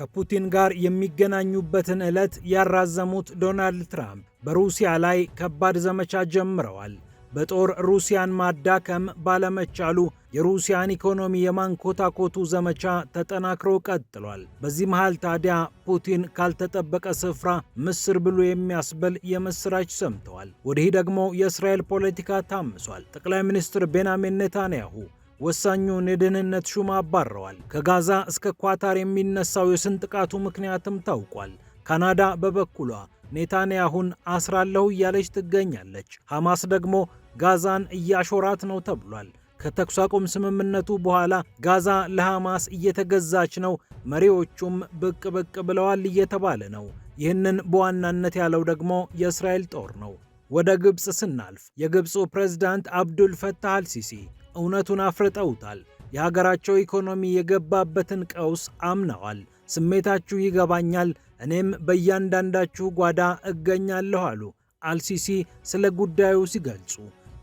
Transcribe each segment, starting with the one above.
ከፑቲን ጋር የሚገናኙበትን ዕለት ያራዘሙት ዶናልድ ትራምፕ በሩሲያ ላይ ከባድ ዘመቻ ጀምረዋል። በጦር ሩሲያን ማዳከም ባለመቻሉ የሩሲያን ኢኮኖሚ የማንኮታኮቱ ዘመቻ ተጠናክሮ ቀጥሏል። በዚህ መሃል ታዲያ ፑቲን ካልተጠበቀ ስፍራ ምስር ብሎ የሚያስብል የምስራች ሰምተዋል። ወዲህ ደግሞ የእስራኤል ፖለቲካ ታምሷል። ጠቅላይ ሚኒስትር ቤንያሚን ኔታንያሁ ወሳኙን የደህንነት ሹም አባረዋል። ከጋዛ እስከ ኳታር የሚነሳው የስን ጥቃቱ ምክንያትም ታውቋል። ካናዳ በበኩሏ ኔታንያሁን አስራለሁ እያለች ትገኛለች። ሐማስ ደግሞ ጋዛን እያሾራት ነው ተብሏል። ከተኩስ አቁም ስምምነቱ በኋላ ጋዛ ለሐማስ እየተገዛች ነው፣ መሪዎቹም ብቅ ብቅ ብለዋል እየተባለ ነው። ይህንን በዋናነት ያለው ደግሞ የእስራኤል ጦር ነው። ወደ ግብፅ ስናልፍ የግብፁ ፕሬዝዳንት አብዱል ፈታህ አልሲሲ እውነቱን አፍርጠውታል። የሀገራቸው ኢኮኖሚ የገባበትን ቀውስ አምነዋል። ስሜታችሁ ይገባኛል፣ እኔም በእያንዳንዳችሁ ጓዳ እገኛለሁ አሉ አልሲሲ ስለ ጉዳዩ ሲገልጹ።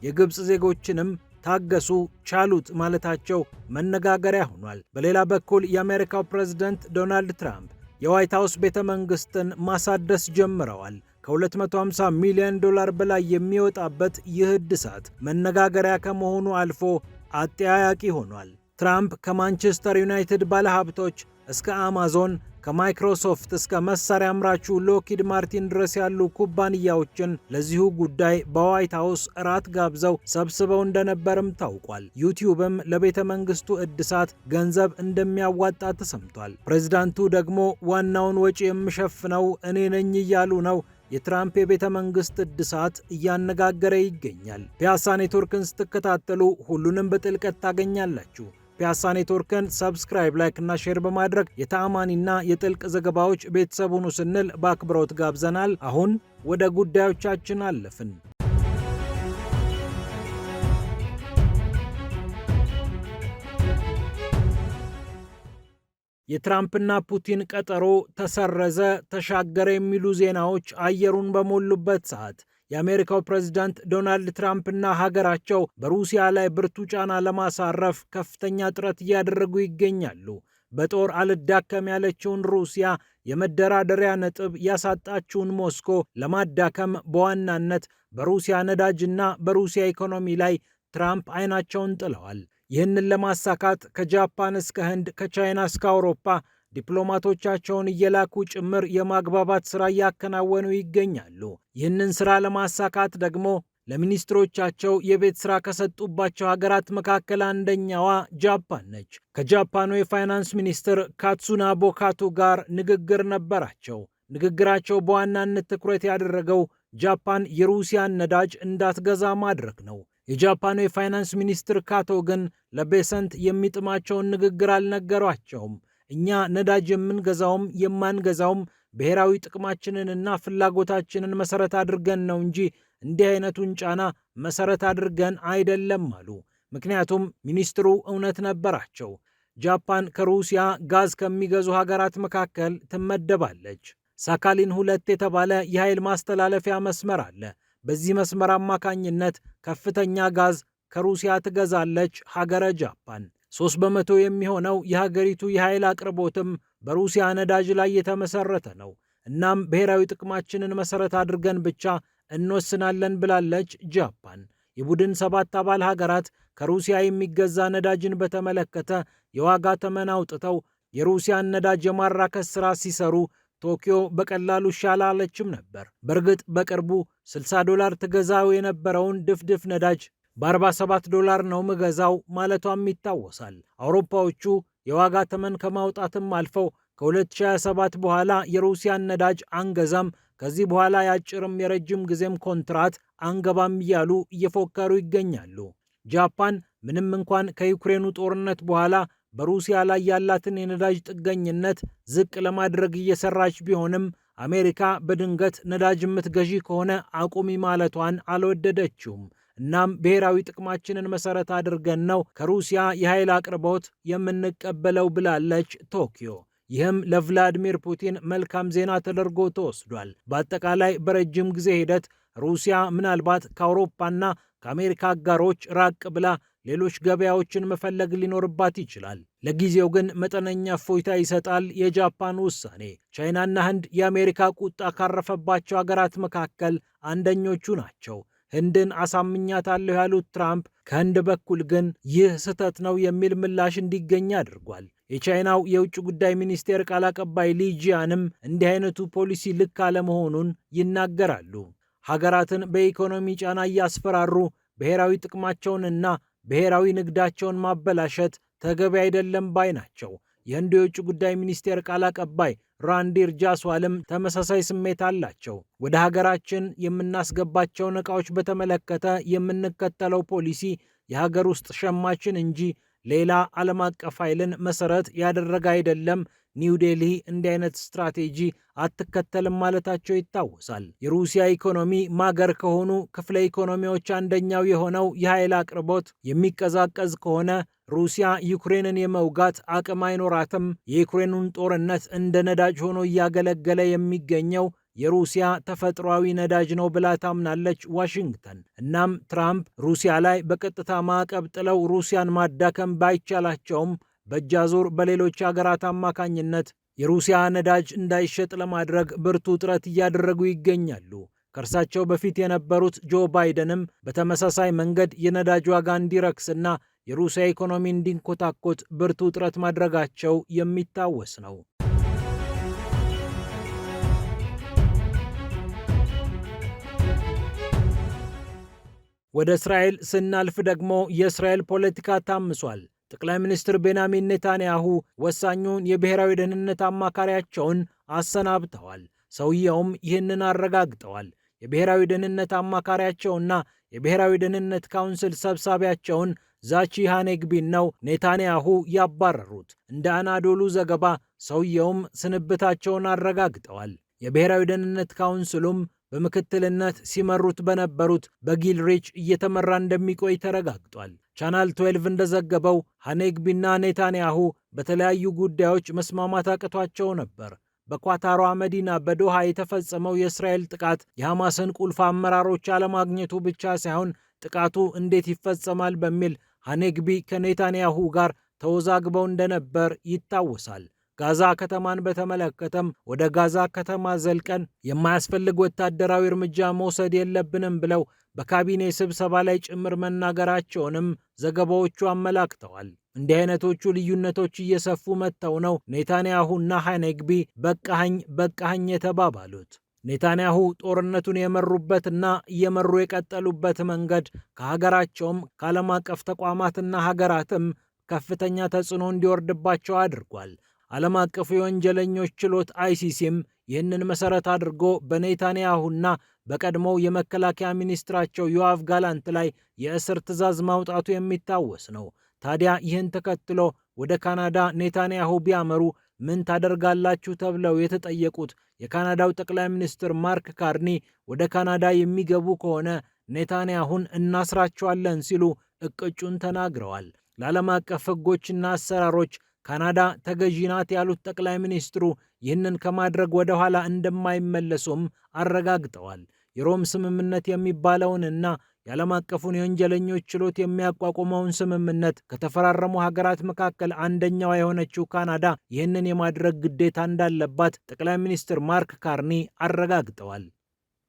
የግብፅ ዜጎችንም ታገሱ፣ ቻሉት ማለታቸው መነጋገሪያ ሆኗል። በሌላ በኩል የአሜሪካው ፕሬዝደንት ዶናልድ ትራምፕ የዋይት ሀውስ ቤተ መንግሥትን ማሳደስ ጀምረዋል። ከ250 ሚሊዮን ዶላር በላይ የሚወጣበት ይህ እድሳት መነጋገሪያ ከመሆኑ አልፎ አጠያያቂ ሆኗል። ትራምፕ ከማንቸስተር ዩናይትድ ባለሀብቶች እስከ አማዞን ከማይክሮሶፍት እስከ መሳሪያ አምራቹ ሎኪድ ማርቲን ድረስ ያሉ ኩባንያዎችን ለዚሁ ጉዳይ በዋይት ሀውስ እራት ጋብዘው ሰብስበው እንደነበርም ታውቋል። ዩቲዩብም ለቤተ መንግስቱ እድሳት ገንዘብ እንደሚያዋጣ ተሰምቷል። ፕሬዚዳንቱ ደግሞ ዋናውን ወጪ የምሸፍነው እኔ ነኝ እያሉ ነው የትራምፕ የቤተ መንግስት እድሳት እያነጋገረ ይገኛል። ፒያሳ ኔትወርክን ስትከታተሉ ሁሉንም በጥልቀት ታገኛላችሁ። ፒያሳ ኔትወርክን ሰብስክራይብ፣ ላይክ እና ሼር በማድረግ የተአማኒና የጥልቅ ዘገባዎች ቤተሰብ ሁኑ ስንል በአክብሮት ጋብዘናል። አሁን ወደ ጉዳዮቻችን አለፍን። የትራምፕና ፑቲን ቀጠሮ ተሰረዘ፣ ተሻገረ የሚሉ ዜናዎች አየሩን በሞሉበት ሰዓት የአሜሪካው ፕሬዝዳንት ዶናልድ ትራምፕና ሀገራቸው በሩሲያ ላይ ብርቱ ጫና ለማሳረፍ ከፍተኛ ጥረት እያደረጉ ይገኛሉ። በጦር አልዳከም ያለችውን ሩሲያ የመደራደሪያ ነጥብ ያሳጣችውን ሞስኮ ለማዳከም በዋናነት በሩሲያ ነዳጅና በሩሲያ ኢኮኖሚ ላይ ትራምፕ አይናቸውን ጥለዋል። ይህንን ለማሳካት ከጃፓን እስከ ህንድ ከቻይና እስከ አውሮፓ ዲፕሎማቶቻቸውን እየላኩ ጭምር የማግባባት ስራ እያከናወኑ ይገኛሉ። ይህንን ስራ ለማሳካት ደግሞ ለሚኒስትሮቻቸው የቤት ስራ ከሰጡባቸው ሀገራት መካከል አንደኛዋ ጃፓን ነች። ከጃፓኑ የፋይናንስ ሚኒስትር ካትሱናቦ ካቶ ጋር ንግግር ነበራቸው። ንግግራቸው በዋናነት ትኩረት ያደረገው ጃፓን የሩሲያን ነዳጅ እንዳትገዛ ማድረግ ነው። የጃፓኑ የፋይናንስ ሚኒስትር ካቶ ግን ለቤሰንት የሚጥማቸውን ንግግር አልነገሯቸውም። እኛ ነዳጅ የምንገዛውም የማንገዛውም ብሔራዊ ጥቅማችንንና ፍላጎታችንን መሰረት አድርገን ነው እንጂ እንዲህ አይነቱን ጫና መሰረት አድርገን አይደለም አሉ። ምክንያቱም ሚኒስትሩ እውነት ነበራቸው። ጃፓን ከሩሲያ ጋዝ ከሚገዙ ሀገራት መካከል ትመደባለች። ሳካሊን ሁለት የተባለ የኃይል ማስተላለፊያ መስመር አለ። በዚህ መስመር አማካኝነት ከፍተኛ ጋዝ ከሩሲያ ትገዛለች ሀገረ ጃፓን። ሶስት በመቶ የሚሆነው የሀገሪቱ የኃይል አቅርቦትም በሩሲያ ነዳጅ ላይ የተመሰረተ ነው። እናም ብሔራዊ ጥቅማችንን መሰረት አድርገን ብቻ እንወስናለን ብላለች ጃፓን። የቡድን ሰባት አባል ሀገራት ከሩሲያ የሚገዛ ነዳጅን በተመለከተ የዋጋ ተመን አውጥተው የሩሲያን ነዳጅ የማራከስ ሥራ ሲሰሩ ቶኪዮ በቀላሉ ሻላለችም ነበር። በእርግጥ በቅርቡ 60 ዶላር ትገዛው የነበረውን ድፍድፍ ነዳጅ በ47 ዶላር ነው ምገዛው ማለቷም ይታወሳል። አውሮፓዎቹ የዋጋ ተመን ከማውጣትም አልፈው ከ2027 በኋላ የሩሲያን ነዳጅ አንገዛም፣ ከዚህ በኋላ የአጭርም የረጅም ጊዜም ኮንትራት አንገባም እያሉ እየፎከሩ ይገኛሉ። ጃፓን ምንም እንኳን ከዩክሬኑ ጦርነት በኋላ በሩሲያ ላይ ያላትን የነዳጅ ጥገኝነት ዝቅ ለማድረግ እየሰራች ቢሆንም አሜሪካ በድንገት ነዳጅ የምትገዢ ከሆነ አቁሚ ማለቷን አልወደደችውም። እናም ብሔራዊ ጥቅማችንን መሰረት አድርገን ነው ከሩሲያ የኃይል አቅርቦት የምንቀበለው ብላለች ቶኪዮ። ይህም ለቭላዲሚር ፑቲን መልካም ዜና ተደርጎ ተወስዷል። በአጠቃላይ በረጅም ጊዜ ሂደት ሩሲያ ምናልባት ከአውሮፓና ከአሜሪካ አጋሮች ራቅ ብላ ሌሎች ገበያዎችን መፈለግ ሊኖርባት ይችላል። ለጊዜው ግን መጠነኛ እፎይታ ይሰጣል የጃፓን ውሳኔ። ቻይናና ህንድ የአሜሪካ ቁጣ ካረፈባቸው አገራት መካከል አንደኞቹ ናቸው። ህንድን አሳምኛታለሁ ያሉት ትራምፕ ከህንድ በኩል ግን ይህ ስህተት ነው የሚል ምላሽ እንዲገኝ አድርጓል። የቻይናው የውጭ ጉዳይ ሚኒስቴር ቃል አቀባይ ሊጂያንም እንዲህ አይነቱ ፖሊሲ ልክ አለመሆኑን ይናገራሉ። ሀገራትን በኢኮኖሚ ጫና እያስፈራሩ ብሔራዊ ጥቅማቸውንና ብሔራዊ ንግዳቸውን ማበላሸት ተገቢ አይደለም ባይ ናቸው። የህንድ የውጭ ጉዳይ ሚኒስቴር ቃል አቀባይ ራንዲር ጃስዋልም ተመሳሳይ ስሜት አላቸው። ወደ ሀገራችን የምናስገባቸውን ዕቃዎች በተመለከተ የምንከተለው ፖሊሲ የሀገር ውስጥ ሸማችን እንጂ ሌላ ዓለም አቀፍ ኃይልን መሰረት ያደረገ አይደለም ኒው ዴልሂ እንዲህ አይነት ስትራቴጂ አትከተልም ማለታቸው ይታወሳል። የሩሲያ ኢኮኖሚ ማገር ከሆኑ ክፍለ ኢኮኖሚዎች አንደኛው የሆነው የኃይል አቅርቦት የሚቀዛቀዝ ከሆነ ሩሲያ ዩክሬንን የመውጋት አቅም አይኖራትም። የዩክሬኑን ጦርነት እንደ ነዳጅ ሆኖ እያገለገለ የሚገኘው የሩሲያ ተፈጥሯዊ ነዳጅ ነው ብላ ታምናለች ዋሽንግተን። እናም ትራምፕ ሩሲያ ላይ በቀጥታ ማዕቀብ ጥለው ሩሲያን ማዳከም ባይቻላቸውም በእጅ በሌሎች አገራት አማካኝነት የሩሲያ ነዳጅ እንዳይሸጥ ለማድረግ ብርቱ ጥረት እያደረጉ ይገኛሉ። ከእርሳቸው በፊት የነበሩት ጆ ባይደንም በተመሳሳይ መንገድ የነዳጅ ዋጋ እንዲረክስና የሩሲያ ኢኮኖሚ እንዲንኮታኮት ብርቱ ጥረት ማድረጋቸው የሚታወስ ነው። ወደ እስራኤል ስናልፍ ደግሞ የእስራኤል ፖለቲካ ታምሷል። ጠቅላይ ሚኒስትር ቤንያሚን ኔታንያሁ ወሳኙን የብሔራዊ ደህንነት አማካሪያቸውን አሰናብተዋል። ሰውየውም ይህንን አረጋግጠዋል። የብሔራዊ ደህንነት አማካሪያቸውና የብሔራዊ ደህንነት ካውንስል ሰብሳቢያቸውን ዛቺ ሃኔግቢን ነው ኔታንያሁ ያባረሩት። እንደ አናዶሉ ዘገባ ሰውየውም ስንብታቸውን አረጋግጠዋል። የብሔራዊ ደህንነት ካውንስሉም በምክትልነት ሲመሩት በነበሩት በጊልሪች እየተመራ እንደሚቆይ ተረጋግጧል። ቻናል 12 እንደዘገበው ሐኔግቢና ኔታንያሁ በተለያዩ ጉዳዮች መስማማት አቅቷቸው ነበር። በኳታሯ መዲና በዶሃ የተፈጸመው የእስራኤል ጥቃት የሐማስን ቁልፍ አመራሮች አለማግኘቱ ብቻ ሳይሆን ጥቃቱ እንዴት ይፈጸማል በሚል ሐኔግቢ ከኔታንያሁ ጋር ተወዛግበው እንደነበር ይታወሳል። ጋዛ ከተማን በተመለከተም ወደ ጋዛ ከተማ ዘልቀን የማያስፈልግ ወታደራዊ እርምጃ መውሰድ የለብንም ብለው በካቢኔ ስብሰባ ላይ ጭምር መናገራቸውንም ዘገባዎቹ አመላክተዋል። እንዲህ አይነቶቹ ልዩነቶች እየሰፉ መጥተው ነው ኔታንያሁና ሃይኔግቢ በቃኝ በቃኝ የተባባሉት። ኔታንያሁ ጦርነቱን የመሩበትና እየመሩ የቀጠሉበት መንገድ ከሀገራቸውም ከዓለም አቀፍ ተቋማትና ሀገራትም ከፍተኛ ተጽዕኖ እንዲወርድባቸው አድርጓል። ዓለም አቀፉ የወንጀለኞች ችሎት አይሲሲም ይህንን መሠረት አድርጎ በኔታንያሁና በቀድሞው የመከላከያ ሚኒስትራቸው ዮአፍ ጋላንት ላይ የእስር ትዕዛዝ ማውጣቱ የሚታወስ ነው። ታዲያ ይህን ተከትሎ ወደ ካናዳ ኔታንያሁ ቢያመሩ ምን ታደርጋላችሁ ተብለው የተጠየቁት የካናዳው ጠቅላይ ሚኒስትር ማርክ ካርኒ ወደ ካናዳ የሚገቡ ከሆነ ኔታንያሁን እናስራቸዋለን ሲሉ እቅጩን ተናግረዋል። ለዓለም አቀፍ ሕጎችና አሰራሮች ካናዳ ተገዢ ናት ያሉት ጠቅላይ ሚኒስትሩ ይህንን ከማድረግ ወደ ኋላ እንደማይመለሱም አረጋግጠዋል። የሮም ስምምነት የሚባለውንና የዓለም አቀፉን የወንጀለኞች ችሎት የሚያቋቁመውን ስምምነት ከተፈራረሙ ሀገራት መካከል አንደኛዋ የሆነችው ካናዳ ይህንን የማድረግ ግዴታ እንዳለባት ጠቅላይ ሚኒስትር ማርክ ካርኒ አረጋግጠዋል።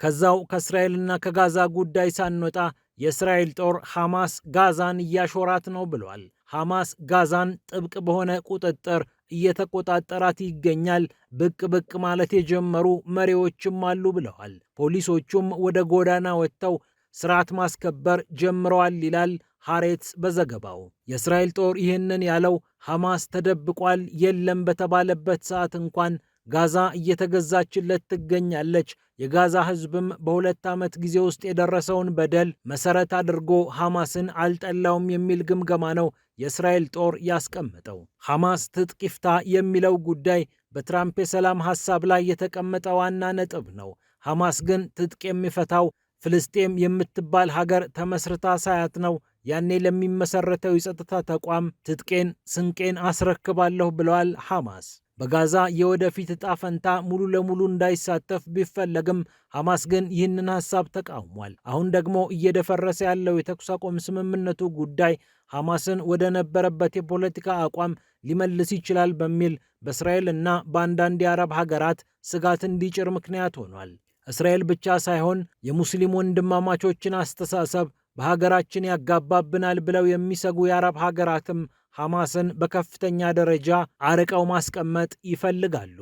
ከዛው ከእስራኤልና ከጋዛ ጉዳይ ሳንወጣ የእስራኤል ጦር ሐማስ ጋዛን እያሾራት ነው ብሏል። ሐማስ ጋዛን ጥብቅ በሆነ ቁጥጥር እየተቆጣጠራት ይገኛል። ብቅ ብቅ ማለት የጀመሩ መሪዎችም አሉ ብለዋል። ፖሊሶቹም ወደ ጎዳና ወጥተው ስርዓት ማስከበር ጀምረዋል ይላል ሐሬትስ በዘገባው። የእስራኤል ጦር ይህንን ያለው ሐማስ ተደብቋል የለም በተባለበት ሰዓት እንኳን ጋዛ እየተገዛችለት ትገኛለች። የጋዛ ሕዝብም በሁለት ዓመት ጊዜ ውስጥ የደረሰውን በደል መሰረት አድርጎ ሐማስን አልጠላውም የሚል ግምገማ ነው የእስራኤል ጦር ያስቀመጠው። ሐማስ ትጥቅ ይፍታ የሚለው ጉዳይ በትራምፕ የሰላም ሐሳብ ላይ የተቀመጠ ዋና ነጥብ ነው። ሐማስ ግን ትጥቅ የሚፈታው ፍልስጤም የምትባል ሀገር ተመስርታ ሳያት ነው። ያኔ ለሚመሰረተው የጸጥታ ተቋም ትጥቄን፣ ስንቄን አስረክባለሁ ብለዋል ሐማስ። በጋዛ የወደፊት እጣ ፈንታ ሙሉ ለሙሉ እንዳይሳተፍ ቢፈለግም ሐማስ ግን ይህንን ሐሳብ ተቃውሟል። አሁን ደግሞ እየደፈረሰ ያለው የተኩስ አቁም ስምምነቱ ጉዳይ ሐማስን ወደ ነበረበት የፖለቲካ አቋም ሊመልስ ይችላል በሚል በእስራኤል እና በአንዳንድ የአረብ ሀገራት ስጋት እንዲጭር ምክንያት ሆኗል። እስራኤል ብቻ ሳይሆን የሙስሊም ወንድማማቾችን አስተሳሰብ በሀገራችን ያጋባብናል ብለው የሚሰጉ የአረብ ሀገራትም ሐማስን በከፍተኛ ደረጃ አርቀው ማስቀመጥ ይፈልጋሉ።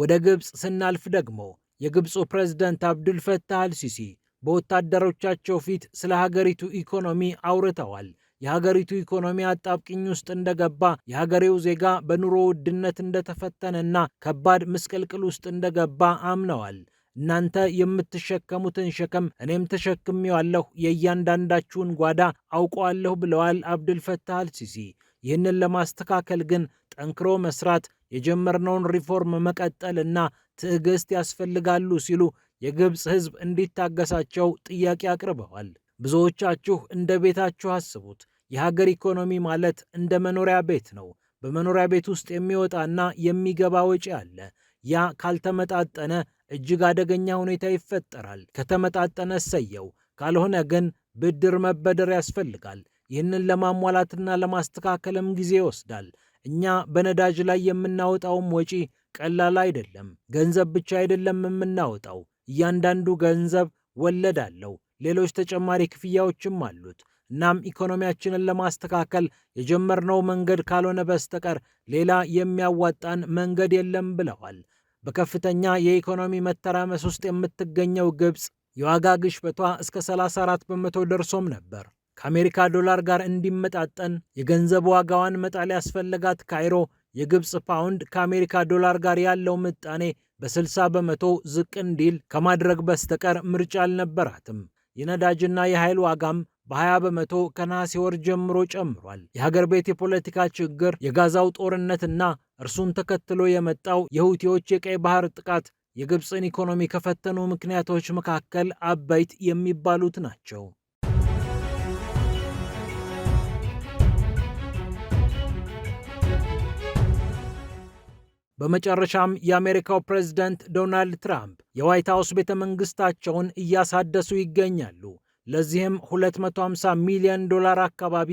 ወደ ግብፅ ስናልፍ ደግሞ የግብፁ ፕሬዝደንት አብዱልፈታህ አልሲሲ በወታደሮቻቸው ፊት ስለ ሀገሪቱ ኢኮኖሚ አውርተዋል። የሀገሪቱ ኢኮኖሚ አጣብቅኝ ውስጥ እንደገባ የሀገሬው ዜጋ በኑሮ ውድነት እንደተፈተነና ከባድ ምስቅልቅል ውስጥ እንደገባ አምነዋል። እናንተ የምትሸከሙትን ሸክም እኔም ተሸክሜዋለሁ፣ የእያንዳንዳችሁን ጓዳ አውቀዋለሁ ብለዋል አብዱልፈታህ አልሲሲ። ይህንን ለማስተካከል ግን ጠንክሮ መስራት የጀመርነውን ሪፎርም መቀጠል እና ትዕግስት ያስፈልጋሉ ሲሉ የግብፅ ሕዝብ እንዲታገሳቸው ጥያቄ አቅርበዋል። ብዙዎቻችሁ እንደ ቤታችሁ አስቡት። የሀገር ኢኮኖሚ ማለት እንደ መኖሪያ ቤት ነው። በመኖሪያ ቤት ውስጥ የሚወጣና የሚገባ ወጪ አለ። ያ ካልተመጣጠነ እጅግ አደገኛ ሁኔታ ይፈጠራል። ከተመጣጠነ ሰየው፣ ካልሆነ ግን ብድር መበደር ያስፈልጋል። ይህንን ለማሟላትና ለማስተካከልም ጊዜ ይወስዳል። እኛ በነዳጅ ላይ የምናወጣውም ወጪ ቀላል አይደለም። ገንዘብ ብቻ አይደለም የምናወጣው። እያንዳንዱ ገንዘብ ወለድ አለው፣ ሌሎች ተጨማሪ ክፍያዎችም አሉት። እናም ኢኮኖሚያችንን ለማስተካከል የጀመርነው መንገድ ካልሆነ በስተቀር ሌላ የሚያዋጣን መንገድ የለም ብለዋል። በከፍተኛ የኢኮኖሚ መተራመስ ውስጥ የምትገኘው ግብፅ የዋጋ ግሽበቷ እስከ 34 በመቶ ደርሶም ነበር። ከአሜሪካ ዶላር ጋር እንዲመጣጠን የገንዘብ ዋጋዋን መጣል ያስፈለጋት ካይሮ የግብፅ ፓውንድ ከአሜሪካ ዶላር ጋር ያለው ምጣኔ በ60 በመቶ ዝቅ እንዲል ከማድረግ በስተቀር ምርጫ አልነበራትም። የነዳጅና የኃይል ዋጋም በ20 በመቶ ከነሐሴ ወር ጀምሮ ጨምሯል። የሀገር ቤት የፖለቲካ ችግር፣ የጋዛው ጦርነትና እርሱን ተከትሎ የመጣው የሁቲዎች የቀይ ባህር ጥቃት የግብፅን ኢኮኖሚ ከፈተኑ ምክንያቶች መካከል አበይት የሚባሉት ናቸው። በመጨረሻም የአሜሪካው ፕሬዝደንት ዶናልድ ትራምፕ የዋይት ሀውስ ቤተ መንግስታቸውን እያሳደሱ ይገኛሉ። ለዚህም 250 ሚሊዮን ዶላር አካባቢ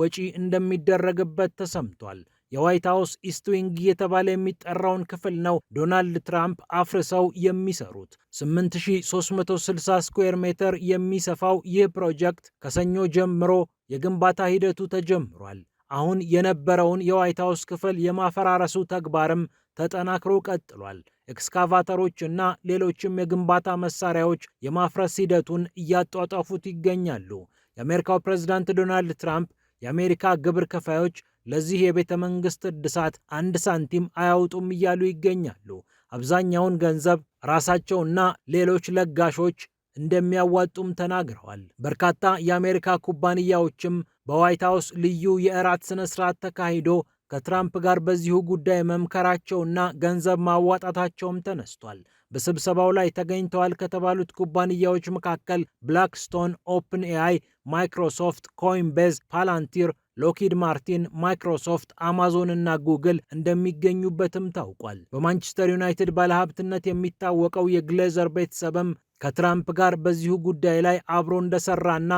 ወጪ እንደሚደረግበት ተሰምቷል። የዋይት ሀውስ ኢስትዊንግ እየተባለ የተባለ የሚጠራውን ክፍል ነው ዶናልድ ትራምፕ አፍርሰው የሚሰሩት። 8360 ስኩዌር ሜትር የሚሰፋው ይህ ፕሮጀክት ከሰኞ ጀምሮ የግንባታ ሂደቱ ተጀምሯል። አሁን የነበረውን የዋይት ሀውስ ክፍል የማፈራረሱ ተግባርም ተጠናክሮ ቀጥሏል። ኤክስካቫተሮችና ሌሎችም የግንባታ መሳሪያዎች የማፍረስ ሂደቱን እያጧጧፉት ይገኛሉ። የአሜሪካው ፕሬዚዳንት ዶናልድ ትራምፕ የአሜሪካ ግብር ከፋዮች ለዚህ የቤተ መንግሥት እድሳት አንድ ሳንቲም አያውጡም እያሉ ይገኛሉ። አብዛኛውን ገንዘብ ራሳቸውና ሌሎች ለጋሾች እንደሚያዋጡም ተናግረዋል። በርካታ የአሜሪካ ኩባንያዎችም በዋይት ሀውስ ልዩ የእራት ስነ ስርዓት ተካሂዶ ከትራምፕ ጋር በዚሁ ጉዳይ መምከራቸውና ገንዘብ ማዋጣታቸውም ተነስቷል። በስብሰባው ላይ ተገኝተዋል ከተባሉት ኩባንያዎች መካከል ብላክስቶን፣ ኦፕን ኤአይ፣ ማይክሮሶፍት፣ ኮይንቤዝ፣ ፓላንቲር፣ ሎኪድ ማርቲን፣ ማይክሮሶፍት፣ አማዞን እና ጉግል እንደሚገኙበትም ታውቋል። በማንቸስተር ዩናይትድ ባለሀብትነት የሚታወቀው የግሌዘር ቤተሰብም ከትራምፕ ጋር በዚሁ ጉዳይ ላይ አብሮ እንደሰራና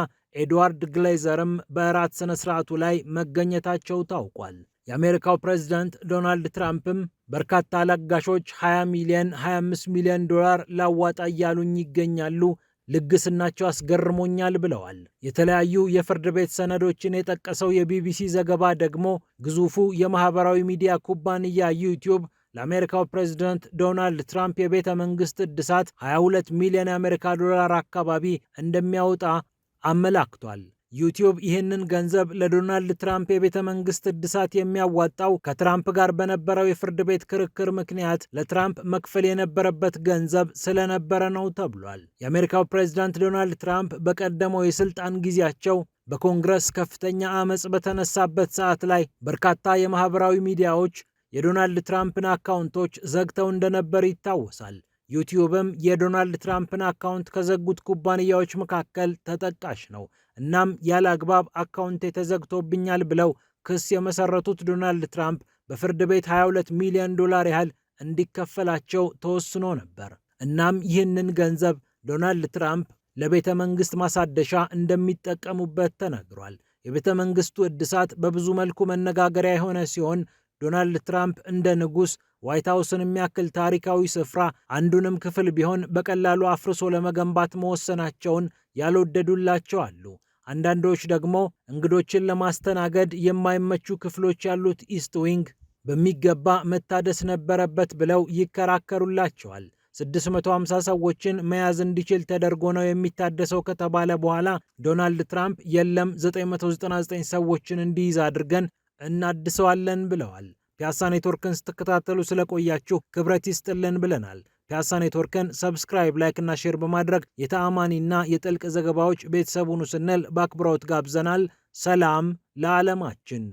ኤድዋርድ ግሌዘርም በእራት ስነ ስርዓቱ ላይ መገኘታቸው ታውቋል። የአሜሪካው ፕሬዝዳንት ዶናልድ ትራምፕም በርካታ ለጋሾች 20 ሚሊዮን፣ 25 ሚሊዮን ዶላር ላዋጣ እያሉኝ ይገኛሉ ልግስናቸው አስገርሞኛል ብለዋል። የተለያዩ የፍርድ ቤት ሰነዶችን የጠቀሰው የቢቢሲ ዘገባ ደግሞ ግዙፉ የማህበራዊ ሚዲያ ኩባንያ ዩቲዩብ ለአሜሪካው ፕሬዝዳንት ዶናልድ ትራምፕ የቤተ መንግስት እድሳት 22 ሚሊዮን የአሜሪካ ዶላር አካባቢ እንደሚያወጣ አመላክቷል። ዩቲዩብ ይህንን ገንዘብ ለዶናልድ ትራምፕ የቤተ መንግስት እድሳት የሚያዋጣው ከትራምፕ ጋር በነበረው የፍርድ ቤት ክርክር ምክንያት ለትራምፕ መክፈል የነበረበት ገንዘብ ስለነበረ ነው ተብሏል። የአሜሪካው ፕሬዚዳንት ዶናልድ ትራምፕ በቀደመው የስልጣን ጊዜያቸው በኮንግረስ ከፍተኛ አመፅ በተነሳበት ሰዓት ላይ በርካታ የማህበራዊ ሚዲያዎች የዶናልድ ትራምፕን አካውንቶች ዘግተው እንደነበር ይታወሳል። ዩቲዩብም የዶናልድ ትራምፕን አካውንት ከዘጉት ኩባንያዎች መካከል ተጠቃሽ ነው። እናም ያለ አግባብ አካውንቴ ተዘግቶብኛል ብለው ክስ የመሰረቱት ዶናልድ ትራምፕ በፍርድ ቤት 22 ሚሊዮን ዶላር ያህል እንዲከፈላቸው ተወስኖ ነበር። እናም ይህንን ገንዘብ ዶናልድ ትራምፕ ለቤተ መንግስት ማሳደሻ እንደሚጠቀሙበት ተነግሯል። የቤተ መንግስቱ እድሳት በብዙ መልኩ መነጋገሪያ የሆነ ሲሆን ዶናልድ ትራምፕ እንደ ንጉሥ ዋይት ሀውስን የሚያክል ታሪካዊ ስፍራ አንዱንም ክፍል ቢሆን በቀላሉ አፍርሶ ለመገንባት መወሰናቸውን ያልወደዱላቸው አሉ። አንዳንዶች ደግሞ እንግዶችን ለማስተናገድ የማይመቹ ክፍሎች ያሉት ኢስት ዊንግ በሚገባ መታደስ ነበረበት ብለው ይከራከሩላቸዋል። 650 ሰዎችን መያዝ እንዲችል ተደርጎ ነው የሚታደሰው ከተባለ በኋላ ዶናልድ ትራምፕ የለም 999 ሰዎችን እንዲይዝ አድርገን እናድሰዋለን ብለዋል። ፒያሳ ኔትወርክን ስትከታተሉ ስለቆያችሁ ክብረት ይስጥልን ብለናል። ፒያሳ ኔትወርክን ሰብስክራይብ፣ ላይክ እና ሼር በማድረግ የተአማኒና የጥልቅ ዘገባዎች ቤተሰቡን ስንል በአክብሮት ጋብዘናል። ሰላም ለዓለማችን።